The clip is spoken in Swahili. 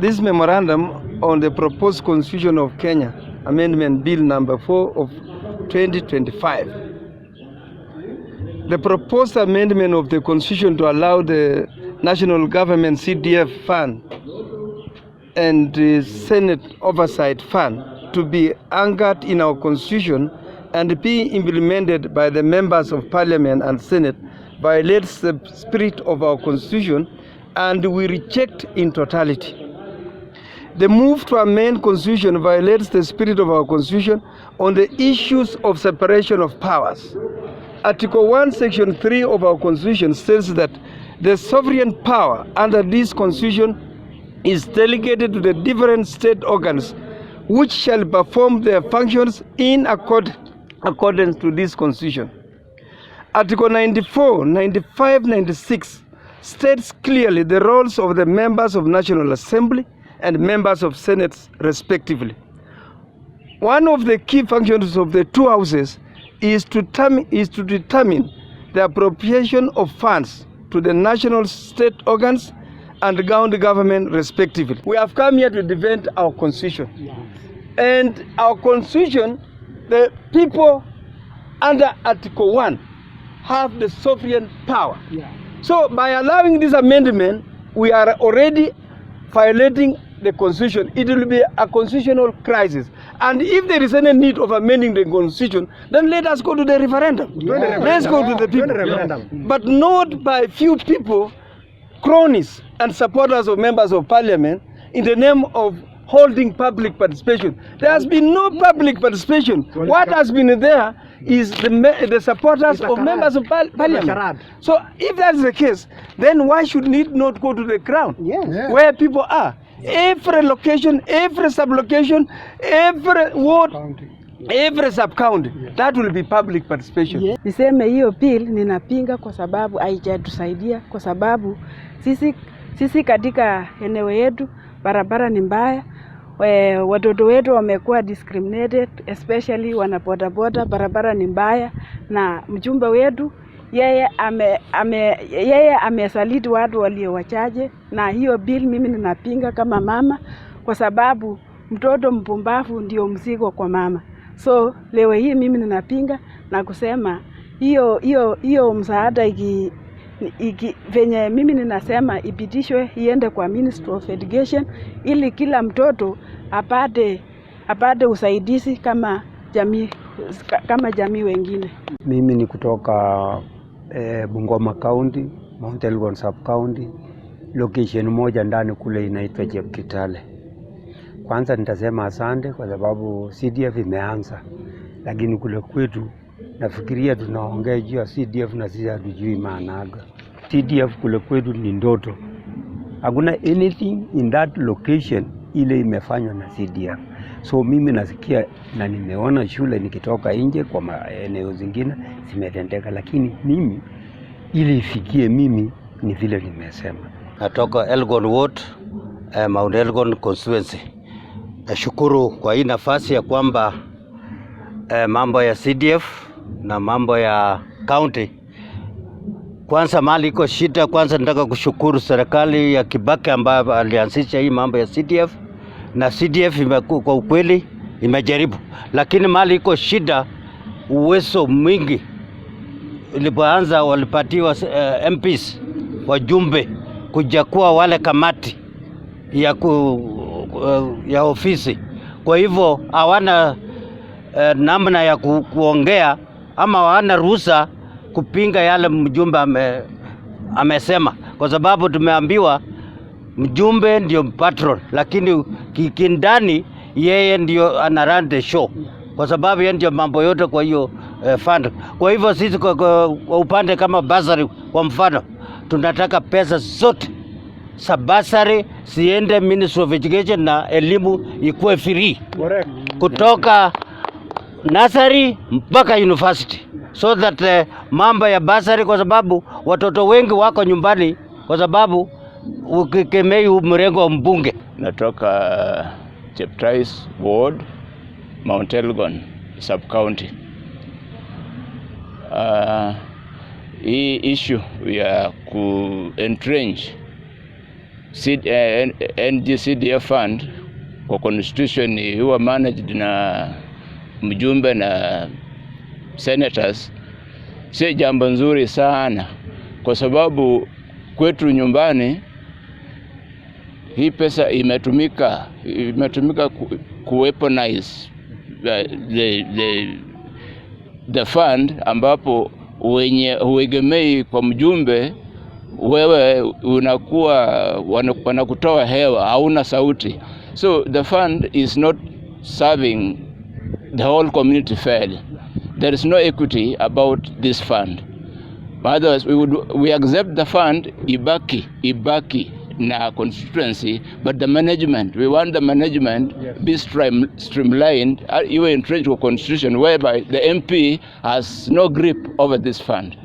This memorandum on the proposed constitution of Kenya amendment bill number 4 of 2025 the proposed amendment of the constitution to allow the national government CDF fund and the Senate oversight fund to be anchored in our constitution and be implemented by the members of parliament and senate violates the spirit of our constitution and we reject in totality The move to amend constitution violates the spirit of our constitution on the issues of separation of powers. Article 1, Section 3 of our constitution states that the sovereign power under this constitution is delegated to the different state organs which shall perform their functions in accord, accordance to this constitution. Article 94, 95, 96 states clearly the roles of the members of National Assembly and members of Senate respectively. One of the key functions of the two houses is to, term, is to determine the appropriation of funds to the national state organs and county government respectively. We have come here to defend our constitution. Yes. And our constitution, the people under Article 1 have the sovereign power. Yeah. So by allowing this amendment, we are already violating the constitution, it will be a constitutional crisis. And if there is any need of amending the constitution, then let us go to the referendum. Yeah. Let's go to the people. Yeah. But not by few people, cronies and supporters of members of parliament in the name of holding public participation. There has been no public participation. What has been there is the, the supporters of members of par parliament. So if that is the case, then why should need not go to the ground yes. where people are? every location, every sub-location, every ward, every sub-county. That will be public participation. Niseme hiyo bill ninapinga kwa sababu haijatusaidia, kwa sababu sisi, sisi katika eneo yetu barabara ni mbaya. We, watoto wetu wamekuwa discriminated especially wanabodaboda, barabara ni mbaya, na mjumbe wetu yeye ame, ame, yeye amesaliti watu walio wachache, na hiyo bill mimi ninapinga kama mama, kwa sababu mtoto mpumbavu ndio mzigo kwa mama. So leo hii mimi ninapinga na kusema hiyo hiyo hiyo msaada iki, iki, venye mimi ninasema ipitishwe iende kwa Ministry of Education ili kila mtoto apate apate usaidizi kama jamii kama jamii wengine. Mimi ni kutoka eh, Bungoma County, Mount Elgon Sub County, location moja ndani kule inaitwa Chepkitale. Kwanza nitasema asante kwa sababu CDF imeanza, lakini kule kwetu nafikiria tunaongea juu ya CDF na sisi hatujui maana CDF kule kwetu ni ndoto. Hakuna anything in that location ile imefanywa na CDF. So mimi nasikia na nimeona shule nikitoka nje kwa maeneo zingine zimetendeka, lakini mimi ili ifikie mimi ni vile nimesema, natoka Elgon Ward, eh, Mount Elgon constituency. Nashukuru kwa hii nafasi ya kwamba eh, mambo ya CDF na mambo ya county kwanza mali iko shida. Kwanza nataka kushukuru serikali ya Kibaki ambayo alianzisha hii mambo ya CDF na CDF imeku, kwa ukweli imejaribu, lakini mali iko shida, uwezo mwingi. Ilipoanza walipatiwa uh, eh, MPs wajumbe kuja kuwa wale kamati ya, ku, uh, ya ofisi. Kwa hivyo hawana uh, namna ya ku, kuongea ama hawana ruhusa kupinga yale mjumbe ame, amesema, kwa sababu tumeambiwa mjumbe ndio patron, lakini kindani yeye ndio ana run the show, kwa sababu yeye ndio mambo yote kwa hiyo eh, fund. Kwa hivyo sisi kwa, kwa, kwa upande kama basari kwa mfano, tunataka pesa zote za basari siende Ministry of Education na elimu ikuwe free kutoka nasari mpaka university so that eh, mambo ya basari, kwa sababu watoto wengi wako nyumbani kwa sababu ukikemei mrengo wa mbunge. Natoka uh, Cheptais Ward, Mount Elgon sub county. Uh, hii issue ya ku entrench CD, uh, NGCDF fund kwa constitution huwa managed na mjumbe na senators, si jambo nzuri sana, kwa sababu kwetu nyumbani hii pesa imetumika imetumika ku, weaponize the, the, the, the fund ambapo wenye huegemei kwa mjumbe, wewe unakuwa wanakutoa hewa, hauna sauti. So the fund is not serving the whole community fairly. There is no equity about this fund. Otherwise, we would we accept the fund ibaki ibaki na constituency, but the management, we want the management yes. be stream, streamlined, uh, even entrenched with constitution, whereby the MP has no grip over this fund.